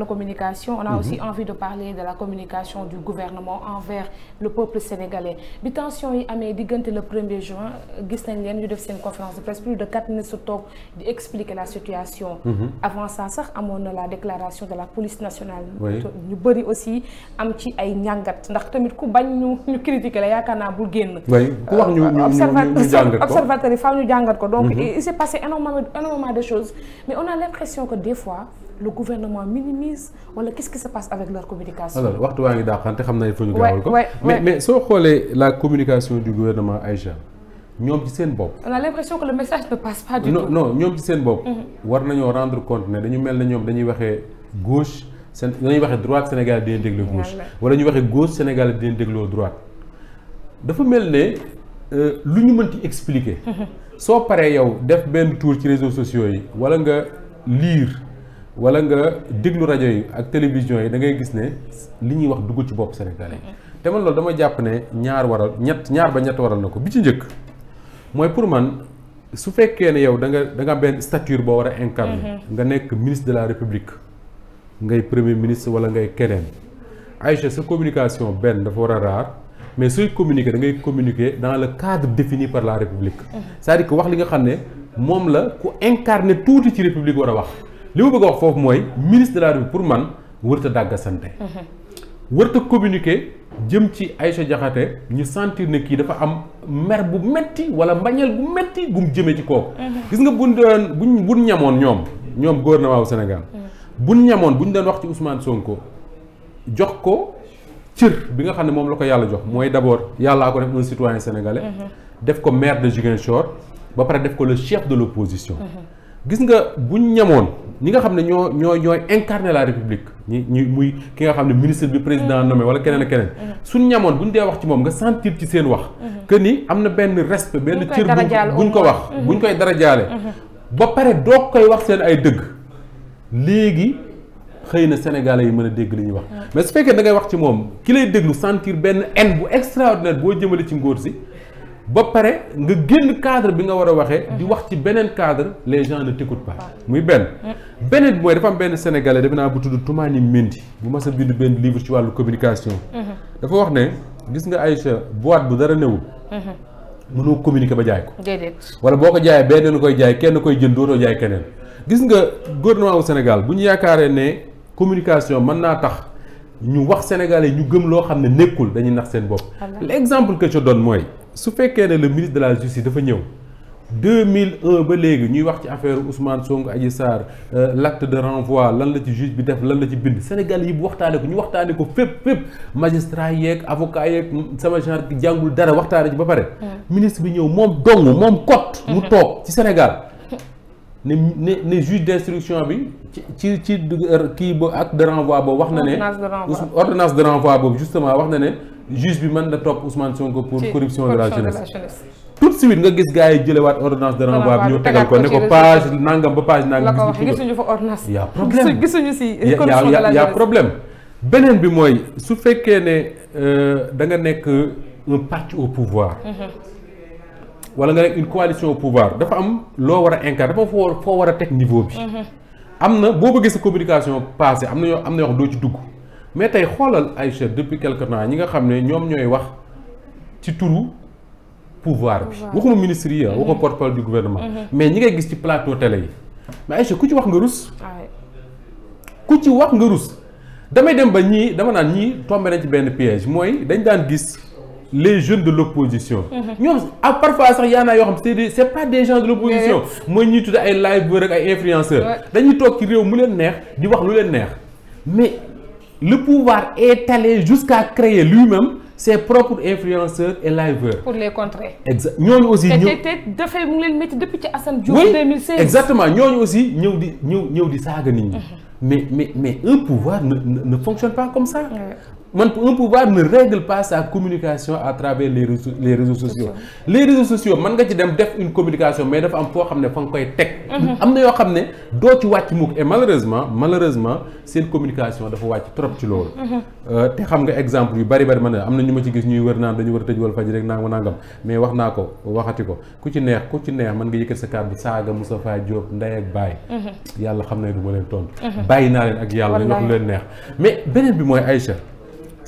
la communication on a mhm. aussi envie de parler de la communication du gouvernement envers le peuple sénégalais bi tension yi amee diggante le premier juin gis nañ leen ñu def seen conférence de presse plus de quatre minutes su toog di expliquer la situation mhm. avant ça sax amoon na la déclaration de la police nationale ñu bëri aussi am ci ay ñàngat ndax tamit ku bañ ñu ñu critiquer la yaakaar naa bul génn ku wax ñu jàngat ko donc mhm. il s'est passé le gouvernement minimise wala qu'est-ce qui se passe avec leur communication. alors waxtu waa ngi daaxante xam naa il faut ñu gaawal ko mais mais soo xoolee la communication du gouvernement Aïcha ñoom ci seen bopp. on a l'impression ñoom ci seen bopp. Mm-hmm. war nañoo rendre compte ne dañu mel ne ñoom dañuy waxee gauche seen dañuy waxee droite Sénégal dina déglu gauche. wala ñu waxee gauche Sénégal dina déglu droite. dafa mel ne euh, lu ñu mënti expliquer. Mm-hmm. soo paree yow def benn tour ci réseaux sociaux yi wala nga lire. wala nga déglu rajo yi ak télévision yi da ngay gis ne li ñuy wax dugg ci bopp sénégalais te man loolu dama jàpp ne ñaar waral ñett ñaar ba ñett waral na ko bi ci njëkk mooy pour man su fekkee ne yow da nga da nga benn stature boo war a incarner mm-hmm. nga nekk ministre de la république ngay premier ministre wala ngay keneen Aïcha sa communication benn dafa war a raar mais sooy communiquer da ngay communiquer dans le cadre defini par la république mm-hmm. cest à wax li nga xam ne moom la ku incarner tuuti ci république war a wax li ma bëgg wax foofu mooy ministre de la République pour man wërta dàgga sante wërta communiquer jëm ci ay Diakhaté ñu sentir ne kii dafa am mer bu metti wala mbañeel bu metti bu mu jëmee ci kooku gis nga buñ doon buñ ñamoon ñoom ñoom gouvernement wu Sénégal buñ ñamoon buñ doon wax ci Ousmane Sonko jox ko cër bi nga xam ne moom la ko yàlla jox mooy d'abord yàllaa ko def un citoyen sénégalais def ko maire de Ziguinchor ba pare def ko le chef de l'opposition gis nga buñ ñamoon ñi nga xam ne ñoo ñoo ñooy incarner la république ñi ñu muy ki nga xam ne ministre bi président nommé wala keneen ak keneen mm-hmm. mm-hmm. suñ ñamoon buñ dee wax ci moom nga sentir ci seen wax mm-hmm. que ni am na benn respect benn cër ñu ko wax buñ koy darajaale ba pare doog koy wax seen ay dëgg léegi xëy na sénégalais yi mën a dégg li ñuy wax mais su fekkee da ngay wax ci moom ki lay déglu sentir benn haine bu extraordinaire boo jëmalee ci ngóor si ba pare nga génn cadre bi nga war a waxee. di wax ci beneen cadre les gens ne t'écoutent muy benn. beneen mooy dafa am benn sénégalais defe naa bu tudd Toumani Mendy bu mas a bind benn livre ci wàllu communication. dafa wax ne gis nga Aïcha boîte bu dara newul. mënoo communiquer ba jaay ko. déedéet wala boo ko jaayee beneen koy jaay kenn koy jënd jaay keneen. gis nga gouvernement wu Sénégal bu ñu yaakaaree ne communication mën naa tax ñu wax sénégalais ñu gëm loo xam ne nekkul dañuy nax seen bopp. l'exemple que je mooy. su fekkee ne le ministre de la justice dafa ñëw 2001 ba léegi ñuy wax ci affaire Ousmane Sonko Adji Sarr euh, l' acte de renvoi lan la ci juge bi def lan la ci bind Sénégal yi bu waxtaanee ko ñu waxtaanee ko fépp fépp magistrat yeeg avocat yeeg sama genre jàngul dara waxtaanee ci ba pare. Hmm. ministre bi ñëw moom dong moom kot. mu hmm. toog ci Sénégal. ne ne ne juge d' instruction bi ci ci ci euh, kii ba ak de renvoi boobu wax na ne. ordonnance de renvoi boobu justement wax na ne. juge bi mën na topp Ousmane Sonko pour corruption de la jeunesse tout de suite nga gis gars yi jëlewaat ordonnance de renvoi bi ñu tegal ko ne ko page nangam ba page nangam gisuñu fa ordonnance y a problème gisuñu si y beneen bi mooy su fekkee ne euh, da nga nekk un parti au pouvoir mhm. wala nga nekk une coalition au pouvoir dafa am loo war a incarner dafa foo foo war a teg niveau bi mhm. am na boo bëggee sa communication passé am na yoo am na yoo xam doo ci dugg mais tey xoolal Aïcha depuis quelque temps ñi nga xam ne ñoom ñooy wax ci turu pouvoir bi waxuma ministre yi ah, waxuma mm-hmm. porte-parole du gouvernement mm-hmm. mais ñi ngay gis ci plateau télé yi mais Aïcha ku ci wax nga rus ku ci wax nga rus damay dem ba ñii dama naan ñii tombé nañ ci benn piège mooy dañ daan gis les jeunes de l'opposition mm-hmm. ñoom ah parfois sax yaa naa yoo xam c'est des c'est pas des gens de l'opposition mooy ñuy tudde ay live rek ay influenceurs dañuy mu leen neex di wax lu leen neex le pouvoir est allé jusqu'à créer lui-même ses propres influenceurs et liveurs. pour les contrer. exact ñooñu aussi. ñëw te te dafay mu ngi leen métti depuis ci Assane Diouf. 2016 exactement ñooñu aussi ñëw di ñëw ñëw di saaga nit ñi. Mhm. mais mais mais un pouvoir ne ne fonctionne pas comme ça. man un pouvoir ne règle pas sa communication à travers les réseaux les réseaux sociaux. les réseaux sociaux mën nga ci dem def une communication mais dafa am foo xam ne fa nga koy teg. Mhm. am na yoo xam ne doo ci wàcc mukk et malheureusement malheureusement seen communication dafa wàcc trop ci loolu. Mhm. Euh, te xam nga exemple yu bari bari man am na ñu ma ci gis ñuy wër naan dañu war a tëj wal faj rek nangam mais wax naa ko waxati ko ku ci neex ku ci neex mën nga yëkkat sa kàddu saaga Moustapha Diop ndey ak baay. Mhm. yàlla xam ne du ma leen tontu. bàyyi naa leen ak yàlla. wax lu leen neex mais beneen bi mooy Aïcha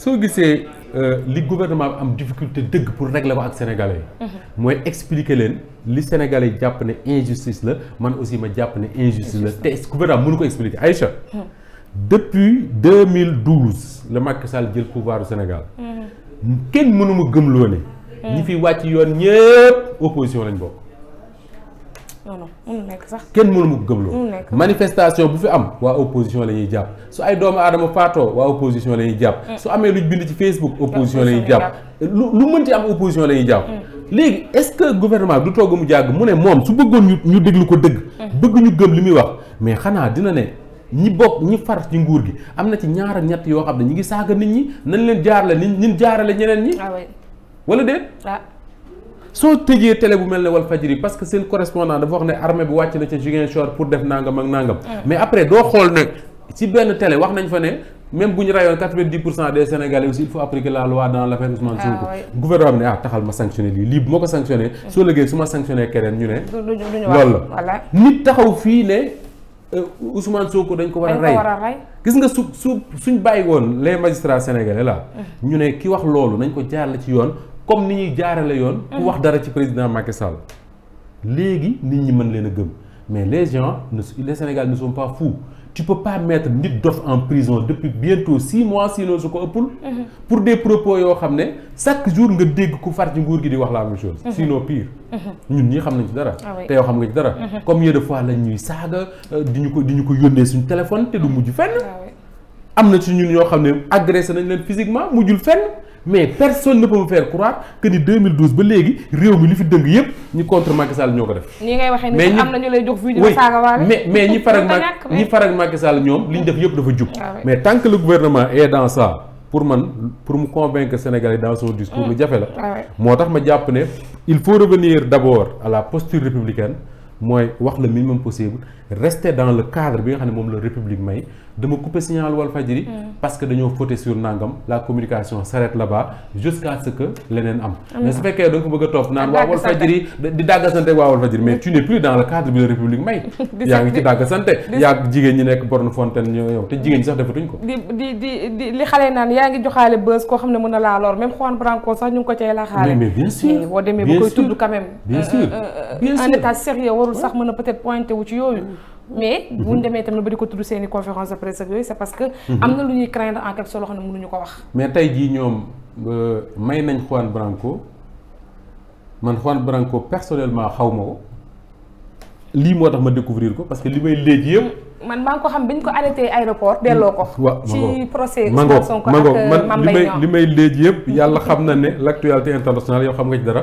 soo gisee euh, li gouvernement am difficulté dëgg pour la ko ak sénégalais mhm. mooy expliquer leen li sénégalais jàpp ne injustice la man aussi ma jàpp ne injustice la te gouvernement mënu ko expliquer Aïcha. Mhm. depuis 2012 la Macky Sall jël pouvoir du Sénégal. Mhm. kenn mënu ma gëm loo ñi fi wàcc yoon ñëpp opposition lañ bokk. non non sax. kenn mënu ma ko gëmloo. manifestation bu fi am waa opposition la ñuy jàpp su ay doomu aadama faatoo waa opposition la ñuy jàpp. Mm. su amee luñ bind ci Facebook opposition la ñuy jàpp. lu lu mën ci am opposition la ñuy jàpp. Mm. léegi est-ce que gouvernement bi du togg mu jàgg mu ne moom su bëggoon ñu ñu déglu ko dëgg. Mm. bëgg ñu gëm li muy wax mais xanaa dina ne. ñi bokk ñi far ci nguur gi am na ci ñaar ak ñett yoo xam ne ñi ngi saaka nit ñi nañ leen jaarale nit ñi jaarale ñeneen ñi. Ah wala déet. Ah. soo tëjee tele bu mel ne wal fajiri parce que seen correspondant dafa wax ne armée bi wàcc na ca Ziguinchor pour def nangam ak nangam. mais après doo xool ne ci benn télé wax nañ fa ne. même bu ñu rayoon quatre-vingt-dix pour cent des sénégalais aussi il faut appliquer la loi dans l'affaire Ousmane ah, Sonko gouvernement bi ne ah taxal ma sanctionné lii lii bu ma ko sanctionné soo lëggee su ma sanctionné keneen ñu ne loolu la nit taxaw fii ne euh, Ousmane Sonko dañ ko war a rey gis nga su su suñ bàyyi woon les magistrats sénégalais mm. ñu ne ki wax loolu nañ ko jaar ci yoon comme ni ñuy jaarale yoon. ku mhm. wax dara ci président Macky Sall. léegi nit ñi mën leen a gëm mais les gens ne les Sénégalais ne sont pas fous tu peux pas mettre nit dos en prison depuis bientôt six mois sinon su ko ëppul. Mhm. pour des propos yoo xam ne chaque jour nga dégg ku far ci nguur gi di wax la même chose. Mhm. sinon pire. ñun ñii xam nañ ci dara. Ah te yoo xam nga ci dara. comme de fois lañ ñuy saaga euh, di ñu ko di ñu ko yónnee suñu téléphone te du mujj fenn. Ah am na ci ñun ñoo xam ne agressé nañ leen physiquement mujjul fenn. mais personne ne peut me faire croire que ni 2012 ba léegi réew mi lu fi dëng yépp ñu contre Macky ñoo ko def. ni am na ñu lay fii di saaga waale mais mais ñi ñoom li ñu def yépp dafa jub. Ah mais tant que le gouvernement est dans ça pour man pour mu convaincre Sénégalais dans son discours lu mm. jafe la. Ah moo tax ma jàpp ne il faut revenir d'abord à la posture mooy wax le minimum possible rester dans le cadre bi nga xam ne moom la république may. dama couper signal Walfadjri mm. parce que dañoo fauté sur nangam la communication s'arrête là-bas jusqu'à ce leneen am mm. mais su fekkee da nga ko bëgg topp naan waa Walfadjri di dàggasante waa Walfadjri mais tu plus dans le cadre bi la République may yaa ngi ci dàggasante yaa jigéen ñi nekk borne fontaine ñoo yow te jigéen ñi sax defatuñ ko di di di li xale naan yaa ngi joxaale bës koo xam ne mën na laa lor même Juan Branco sax ñu ngi ko cay laxaale mais bien a peut-être wu ci yooyu Mm-hmm. mais bu ñu demee tamit ba di ko tudd seen i conférence de presse yooyu c'est parce que mm-hmm. am na lu ñuy craindre en quelque sorte loo xam ne mënuñu ko wax mais tey jii ñoom euh, may nañ Juan Branco man Juan Branco personnellement xaw ma ko lii moo tax ma découvrir ko parce que li may léegi yëpp. man maa ngi ko xam bi ko arrêté aéroport delloo ko. waaw ci procès Ousmane Sonko ak man euh, li li may léegi yëpp mm. yàlla xam na ne l' actualité internationale yow xam nga dara.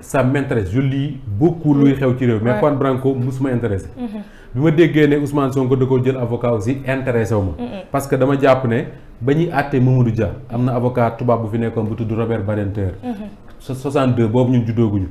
ça m' intéresse je lis beaucoup luy xew ci réew mais Juan Branco musuma mm-hmm. ma déggee ne Ousmane Sonko da koo jël avocat aussi intéressé wu ma. parce que dama jàpp ne ba ñuy àtte Mamadou Dia am na avocat tubaab bu fi nekkoon bu tudd Robert Badinter. 62 mm-hmm. boobu ñun juddooguñu